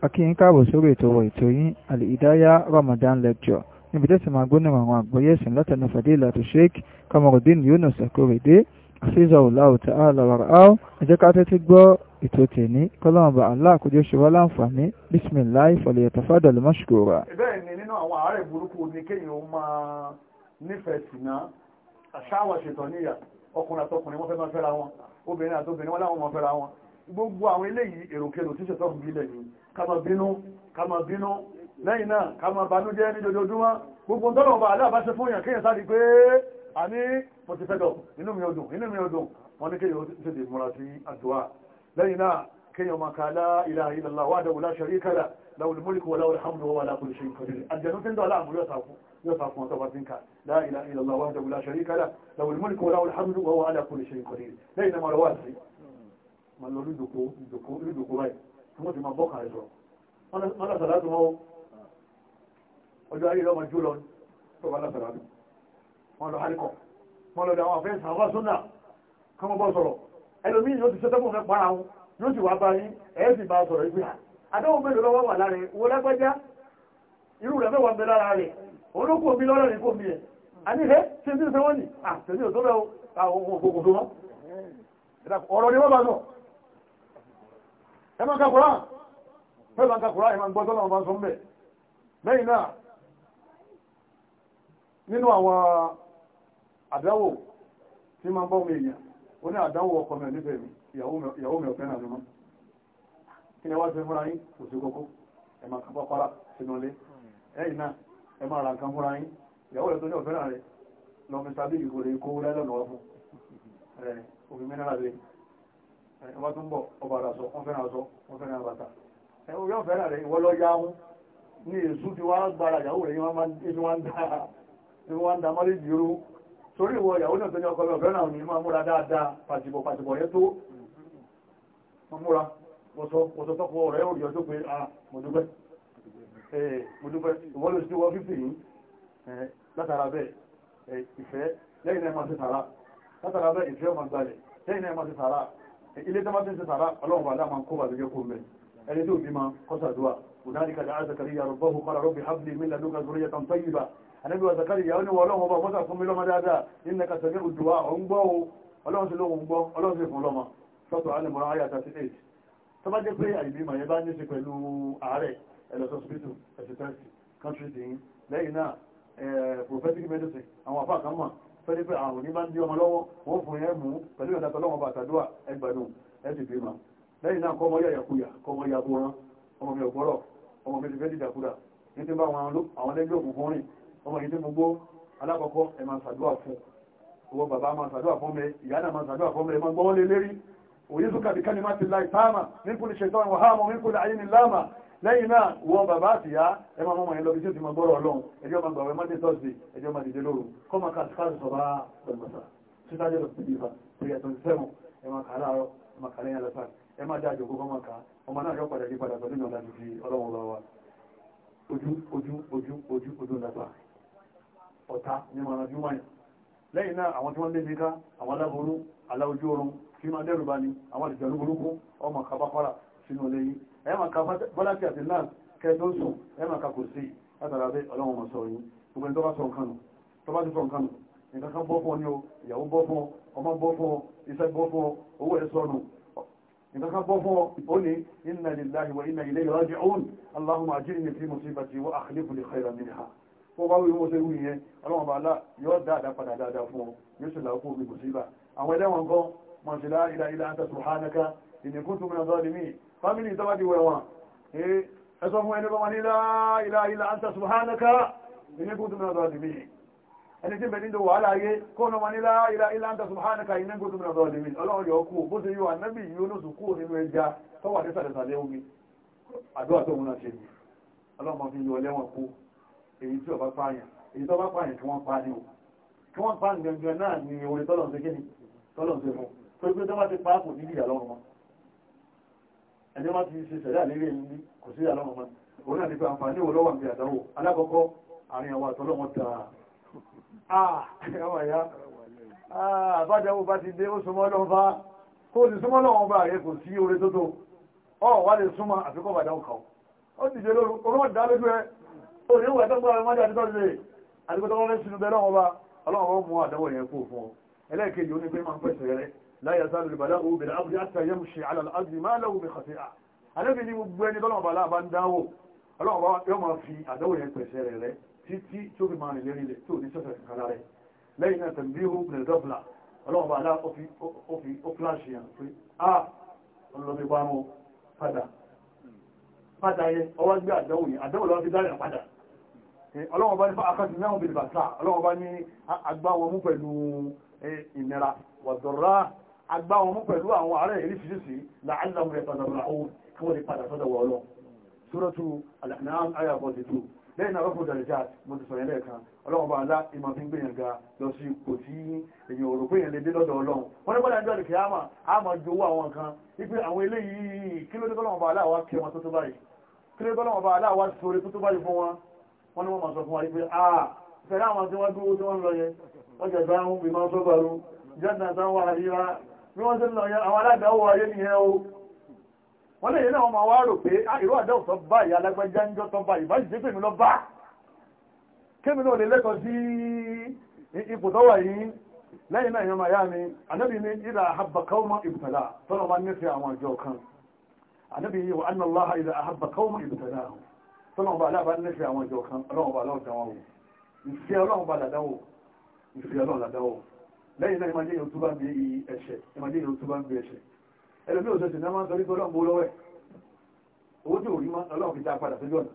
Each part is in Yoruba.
akíyín káàbọ̀ sórí ètò ọ̀rọ̀ ètò yín àlìdáyà Ramadan lecture níbi tẹ́sí máa gbóná àwọn àgbọ̀yé ẹ̀sìn látẹnu Fadilatu Sheikh Kamarudin Yunus Akorede àfihàn ọ̀làwọ̀ tá a lọ rà áwọ̀ ẹ jẹ́ ká tẹ́tí gbọ́ ètò tèmi kọ́lọ́mọba aláàkójọ ṣe wá láǹfààní bisimilahi falyatafadal mashkura. bẹ́ẹ̀ ni nínú àwọn àárẹ̀ burúkú ni kéèyàn ó máa nífẹ̀ẹ́ sínà àṣà àwọn ṣètò níyà ọkùnrin àtọkùnrin wọ́n fẹ́ máa fẹ́ra wọn obìnrin àtobìnrin wọ́n láwọn máa fẹ́ra wọn gbogbo àwọn eléyìí èròkèrò tí ṣẹ̀tọ́ fún ilẹ̀ yìí kama bínú kama bínú lẹ́yìn náà kama banújẹ́ ní dodojúmọ́ gbogbo tọ́lọ̀ ọba aláàbáṣẹ́ fún èèyàn kéèyàn sáré pé a ní pọtifẹ́dọ̀ inú mi ọdún inú mi ọdún wọn ní kéèyàn sí àdúrà lẹ́yìn náà kéèyàn máa ka la ilaha illallah wahdahu la sharika lahu lahul mulku wa lahul hamdu wa huwa ma lọ ní ìdòkó ìdòkó ìdòkó rẹ̀ tí wọ́n ti ma bọ́kà rẹ̀ sọ wọ́n lásàdá tó wọ́n ọjọ́ ayé lọ́mọ jú lọ tó wọ́n lásàdá tó wọ́n lọ harikọ̀ wọ́n lọ àwọn afẹ́ sàwọn sọ́nà kọ́mọ bọ́ sọ̀rọ̀ ẹlòmí yóò ti sọ́tọ́ fún fẹ́ para wọn yóò ti wá bá yín ẹ̀ẹ́ sì bá sọ̀rọ̀ ìgbé àdéhùn mélòó lọ́wọ́ wà lára wo lágbájá irú rẹ̀ mẹ́wàá bẹ lára rẹ̀ olókù omi lọ́rọ̀ ní kò mí ẹ̀ àní rẹ̀ ṣe ń tí ń sẹ́wọ́n ní àtẹ̀lé òtọ́lẹ̀ àwọn òkòkò tó wọ́n ọ̀rọ̀ ni wọ́n bá sọ̀rọ̀ ẹ máa ń ka kùrán fẹ́ bá ń ka kùrán ẹ ọba sọ náà nínú àwọn àdáwò tí ma bọ́ mi èèyàn ó ní àdáwò nífẹ̀ẹ́ mi ìyàwó mi ọ̀fẹ́ náà ni kí ni wá ṣe fúnra yín kò sí kókó ẹ máa sínú ilé ẹ̀yìn náà ẹ máa nǹkan fúnra yín ìyàwó rẹ̀ ọba tó ń bọ̀ ọba àràsọ wọ́n fẹ́ràn aṣọ wọ́n fẹ́ràn bàtà ẹ̀wọ̀n yóò fẹ́ràn rẹ̀ ìwọ lọ yáwó ní èsù ti wá gbára ìyàwó rẹ̀ ní wọ́n ń da mọ́lé jìrú torí ìwọ ìyàwó náà tó ní ọkọ ọ̀fẹ́ náà ní máa múra dáadáa pàtìbọ̀ pàtìbọ̀ rẹ tó múra wọ́sọ tọ́kọ rẹ̀ ò rí ọjọ́ pé a ah, mọ̀dúpẹ́ mọ̀dúpẹ́ ìwọ́n lè sí wọ́n fífì yìí látara bẹ́ẹ̀ ìfẹ́ lẹ́yìn náà máa ti sàrà látara bẹ́ẹ̀ ìfẹ́ ọmọ gbalẹ̀ lẹ́yìn náà máa ti sàrà ilé tó bá ti ń ṣe sàrá ọlọ́run bá láàmà kó bà tó jẹ́ kó mẹ́ ẹni tó bí ma kọ́sàdúwà òdáríkà dáa zakariya rọ̀bọ́hù kọ́lá rọ̀bì habli min ladunka zuriyatan tayyiba anábí wa zakariya ó ní wọ́n ọlọ́run ọba mọ́sà fún mi lọ́mọ dáadáa nínú ka sẹ́mi òdùwà ọ̀ngbọ́ o ọlọ́run sí lóhun gbọ́ ọlọ́run sí fún lọ́mọ sọ́tọ̀ alimọ̀rọ̀ ayé àtàtì eight tó fẹ́rẹ́ pé àrùn ní bá ń bí ọmọ lọ́wọ́ wọ́n fún ẹ mú pẹ̀lú ìdàtọ̀ lọ́wọ́ bá àtàdúà ẹgbẹ̀rún ẹ̀sì bí ma lẹ́yìn náà kọ́mọ yàyà kuyà kọ́mọ ya bó rán ọmọ mi ọ̀gbọ́rọ̀ ọmọ mi ti fẹ́ dìdàkúdà ní ti bá àwọn lẹ́gbẹ́ òkùnkùn rìn ọmọ yìí ti mú gbó alákọ̀ọ́kọ́ ẹ máa ṣàdúà fún owó bàbá máa ṣàdúà fún mi ìyá náà máa ṣàdúà fún mi ẹ máa gbọ́wọ́ lé lérí òye sókà bí kánimá ti láì táàmà min kulli shaytan wa hama min kulli ayin lẹ́yìn náà wọ́n bàbá àtìyá ẹ máa mọ́mọ́ yẹn lọ bí tí ó ti máa gbọ́rọ̀ ọlọ́run ẹjọ́ máa gbàwẹ̀ mọ́dé tọ́sí ẹjọ́ máa dìde lóru kọ́ máa kà síkàrù sọ̀rọ̀ pẹ̀lúmọ̀sà sítájọ́ lọ sí ìfà three and twenty seven ẹ máa wa ojú ojú ojú ojú ojú ńlapa ọ̀tá ní mọ̀ràn ojú wáyà lẹ́yìn náà àwọn tí wọ́n lé níká àwọn aláboró aláojú oorun kí máa dẹ́rù bá ní àwọn àlejò burúkú ọmọ kábákọ́rà sínú ilé ẹ̀mà ka fọ́lákì àti náà kẹ́ẹ̀dọ́sùn ẹ̀mà ka kò sí látara bẹ́ ọlọ́run mọ̀ sọ yìí gbogbo ẹni tó bá sọ nǹkan tó bá ti sọ nǹkan nǹkan kan bọ́ fún ọ ní o ìyàwó bọ́ fún ọ ọmọ bọ́ fún ọ iṣẹ́ bọ́ fún ọ owó ẹ̀ sọnù nǹkan kan bọ́ fún ọ ó ní inna lillahi wa inna ilayhi raji'un allahumma ajirni fi musibati wa family tó bá ti wẹ̀ wọn ẹ sọ fún ẹni bá wọn ní la ilaha illa anta subhanaka inni kuntu minaz zalimin ẹni tí bẹ̀rẹ̀ nílò wàhálà ayé kọ́nà wọn ní la ilaha illa anta subhanaka inni kuntu minaz ọlọ́run yọ kú bó ṣe yọ ànábì yóò lóṣù kú nínú ẹja tó wà ní sàlẹ̀sàlẹ̀ omi àdúrà tó múná ṣe ọlọ́run fi yọ lẹ́wọ̀n kú èyí tí ọba pààyàn èyí tó bá pààyàn kí wọ́n pa ní o kí wọ́n pa ní gangan náà ni orí tọ́lọ̀ ń ṣe kí ni tọ́lọ̀ ń ṣe fún pé pé tó bá ti pa kò ní ìyà ẹni wọ́n ti ṣe sẹ̀dá lérí ẹ̀yìn ní kò sí àlọ́mọ̀ mọ́ òun náà ní pé àǹfààní wo lọ́wọ́ àmì àdáwò alákọ̀ọ́kọ́ àárín àwọn àtọ́lọ́mọ ta ah, àwọn àyá ah, àbájáwò bá ti dé ó súnmọ́ lọ́wọ́ bá kó o sì súnmọ́ lọ́wọ́ bá rẹ kò sí oore tó tó ọ wà lè súnmọ́ àfikọ́ bàdá ọkà ó ti ṣe lóru orúkọ dá lójú ẹ òní ìwà tó gbára mọ́jà títọ́ lè àdìgbò tó rọrẹ́ sínú bẹ́ẹ̀ lọ́wọ́ bá ọlọ́wọ́ mú àdáwò yẹn kú fún ọ ẹlẹ́ẹ̀kejì ó ní pé máa ń pẹ̀sẹ̀ rẹ̀ la yazalu al-bala'u bil-'abdi hatta yamshi 'ala al-ardi ma lahu min khati'ah àlẹ́bí ní gbogbo ẹni tọ́lọ́wọ́ bàlá bá ń dáwò ọlọ́wọ́ yọ máa fi àdáwò yẹn pẹ̀sẹ̀ rẹ̀ rẹ̀ títí tí ó fi máa rìn lérí rẹ̀ tí ò ní sẹ́sẹ̀ kankan rẹ̀ lẹ́yìn náà tẹ̀lé ó bìnrin dọ́bìlà ọlọ́wọ́ bàlá ó fíláṣì yàn pé a ọlọ́bí bá mú padà padà yẹ ọwọ́ gbé àdáwò yẹn àdáwò lọ́wọ́ fi dáyà padà ọlọ́wọ́ bá ní fa akásí náà bìnrin bàtà ọlọ́wọ́ bá ní agbáwọn mú pẹ̀lú ìnira wàdọ̀rá agbá wọn mú pẹ̀lú àwọn ará ìrí ṣiṣiṣi láàrín rẹ̀ padà rà òun kí wọ́n lè padà sọ́dọ̀ wọ ọlọ́ sórọ́tù Al-An'am àyà bọ̀dìtù lẹ́yìn náà rọ́pò dàrẹ́jà mo ti sọ̀rọ̀ lẹ́ẹ̀kan ọlọ́run bá alá ìmọ̀ fi ń gbìyàn ga lọ sí ipò tí èyàn ò rò pé èyàn lè dé lọ́dọ̀ ọlọ́run wọ́n ní bọ́dà ń dọ̀rẹ̀ kìáàmà á máa jowó àwọn nǹkan wípé àwọn eléyìí kí ló ní bọ́lọ́run bá alá wa kí wọn tó tó báyìí kí ló ní bọ́lọ́run bá alá wa sórí tó tó báyìí fún wọn wọ́n ní wọ́n máa bí wọ́n ṣe ń lọ yẹn àwọn aládàáwò ayé nìyẹn o wọ́n lè yẹn náà wọ́n máa wá rò pé ìró ah, àdáwò tó bá ìyá alágbájá ń jọ tó bá ìbá ìdí pèmí lọ bá kémi náà lè lẹ́kọ̀ọ́ sí ipò tó wà yìí lẹ́yìn náà ìyọmọ ayá mi anábì ní ìlà àhàbàkáwọ́mọ ìbùtàlá tọ́nà máa nífẹ̀ẹ́ àwọn àjọ kan anábì yìí wà ánà láha ìlà àhàbàkáwọ́mọ ìbùtàlá tọ́nà ọba aláàbá nífẹ̀ẹ́ àwọn àjọ kan ọlọ́run ọba aláwọ̀ dáwọ́ ìfẹ́ ọlọ́run ọba làdáwọ̀ ìfẹ́ ọlọ́run làdáwọ̀ lẹ́yìn náà ìmọ̀dé yóò túbá bí ẹ̀ṣẹ̀ ìmọ̀dé yóò túbá bí ẹ̀ṣẹ̀ ẹlòmí òṣèṣẹ̀ náà máa ń sọrí tọ́lọ́mù lọ́wẹ́ owó tí òrí máa ọlọ́run fi dá padà sójú ọ̀nà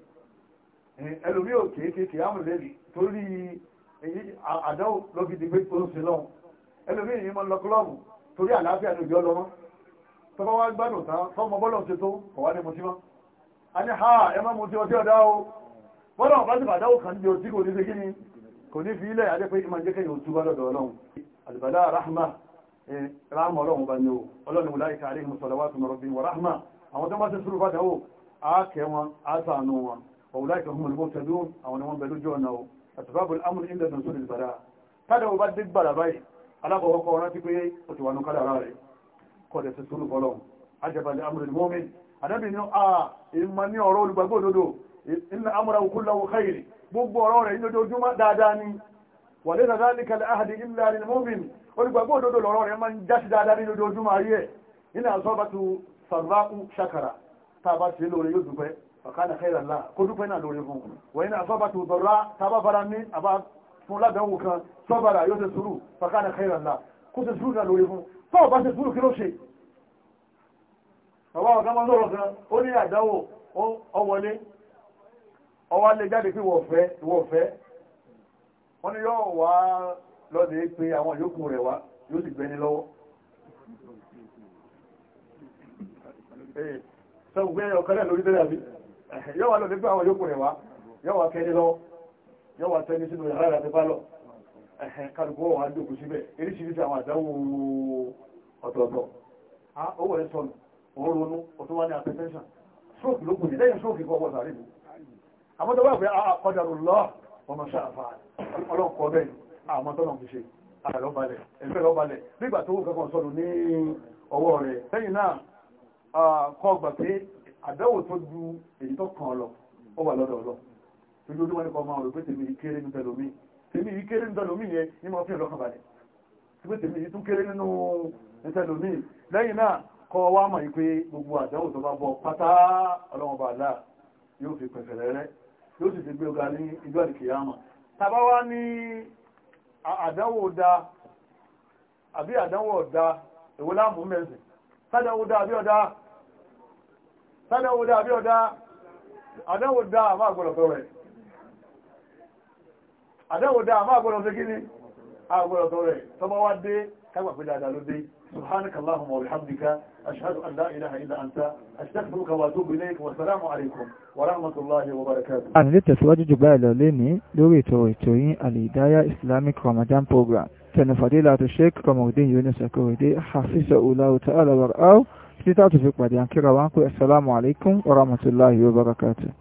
ẹlòmí ò kéékèèké ámùlẹ́rì torí àdáwò lọ́fi di pé oṣù lọ́hùn ẹlòmí ìyìn máa lọ kúlọ́ọ̀mù torí àlàáfíà ní òjò lọ́mọ́ tọ́ba wá gbádùn tán tọ́mọ bọ́lọ̀ ṣe tó kọ̀ wá ní mutí mọ́ a ní ha ẹ má mutí ọtí ọ̀dá o bọ́lọ̀ bá ti bàdáwò kan ní ọtí kò ní ṣe kí ni kò ní fi ilẹ̀ adé pé ìmọ̀ jẹ́ kẹ́yìn òtúbá lọ́dọ̀ ọlọ́run àlùbàlá rahma eh, rahma ọlọ́run bá ní o ọlọ́run wò láyé kárí mùsọ̀lọ́wà tó mọ̀rọ̀ bí wọ́n rahma àwọn tó bá ti sùúrù fàdáwò àákẹ́ wọn àásàánú wọn ọ̀wùlá ìkàkùn olùkọ́ tẹ̀lú àwọn ọmọ bẹ̀lú jọ náà àtùbábùl amúlù ilẹ̀ tó sórí ìbàdá tádà ọba dé gbàdà báyìí alábọ̀wọ́kọ́ ọ̀rán ti pé ó ti wà ní kádà rẹ̀ kọ́dẹ̀ sí sùúrù fọlọ́run ajabàlẹ̀ amúlù mọ́mí àdábì ní a ìmọ̀ ní ọ̀rọ̀ olùgbàgbọ́ òdodo ìlànà amúra òkúlọ́wọ́ káyìrì gbogbo ọ̀rọ̀ rẹ̀ ní ojoojúmọ́ dáadáa ni وليس ذلك لأحد إلا للمؤمن olùgbàgbọ́ òdodo lọ́rọ̀ rẹ̀ máa ń jásí dáadáa nínú ojoojúmọ́ ayé ẹ̀ nínú àzọ́bàtú sàrọ́kù ṣàkàrà tàbá sí lóore yóò dúpẹ́ ọ̀kánà kẹrànlá kó dúpẹ́ náà lóore fún wọ́n nínú àzọ́bàtú dọ̀rọ̀ tàbá fara ní àbá fún ládánwò kan sọ́bàrà yóò ṣe sùúrù ọ̀kánà kẹrànlá kó ṣe sùúrù náà lóore fún tọ́ọ̀ bá ṣe sùúrù kí ọwọ́ ọ̀gá jáde pé wọ́n fẹ́ wọ́n ni yóò wá lọ́dẹ̀ pé àwọn yòókù rẹ̀ wá yóò sì gbẹni lọ́wọ́ eh, sọ́gbẹ́ ọ̀kọ́lẹ̀ lórí tẹ́lẹ̀ àbí eh, yóò wá lọ́dẹ̀ pé àwọn yòókù rẹ̀ wá yóò wá kẹ́ni lọ́wọ́ yóò wá tẹ́ni sínú yàrá rẹ̀ tẹ́fà lọ eh, kálukú wà á dòkú síbẹ̀ eríṣiríṣi àwọn àdáwò ọ̀tọ̀ọ̀tọ̀ owó rẹ̀ sọnù òun ronú ọ̀tún wá ní apẹ́tẹ́ṣàn stroke ló kù ní lẹ́yìn stroke kọ́ ọgbọ́n sàárè mi àmọ́ tó bá pẹ́ àkọjàrò lọ́ọ̀ wọ́n máa ṣáà fàá ọlọ́pọ̀ bẹ́ẹ̀ àwọn tọ́nà fi ṣe àlọ́balẹ̀ ẹgbẹ́ lọ́balẹ̀ nígbà tó kankan sọ̀rọ̀ ní ọwọ́ rẹ̀ lẹ́yìn náà kọ́ gbà pé àdáwò tó ju èyí tó kàn lọ ó wà lọ́dọ̀ lọ lójú ojúmọ́ nípa ọmọ rẹ̀ pé tèmi yìí kéré ní tẹlomi tèmi yìí kéré ní tẹlomi yẹn ní mo fi ọlọ́kàn balẹ̀ pé tèmi yìí tún kéré nínú ní tẹlomi lẹ́yìn náà kọ́ wá mọ̀ yìí pé gbogbo àdáwò tó bá bọ̀ pátá ọlọ́mọba àlá yóò fi pẹ̀fẹ̀ rẹ́rẹ́ yóò sì ti gbé ọgá ní ìjọ àdìkìyàmà tàbá wá ní àdánwò ọ̀dá àbí àdánwò ọ̀dá èwo láàmù mẹ́sìn sádánwò ọ̀dá àbí ọ̀dá sádánwò ọ̀dá àbí ọ̀dá àdánwò da àmà àgbọ̀rọ̀ tọrẹ àdánwò ọ̀dá àmà tọ́bá wá dé kágbà dáadáa ló dé سبحانك اللهم وبحمدك أشهد أن لا إله إلا أنت أستغفرك وأتوب إليك والسلام عليكم ورحمة الله وبركاته أنا لي تسواجه جبال ليني لوري توي الهداية Islamic Ramadan Program كان فضيلة الشيخ قمر الدين يونس الكويدي حفظه الله تعالى ورعاه títí tá a tún fi pàdé àkírà wa ń pè assalamu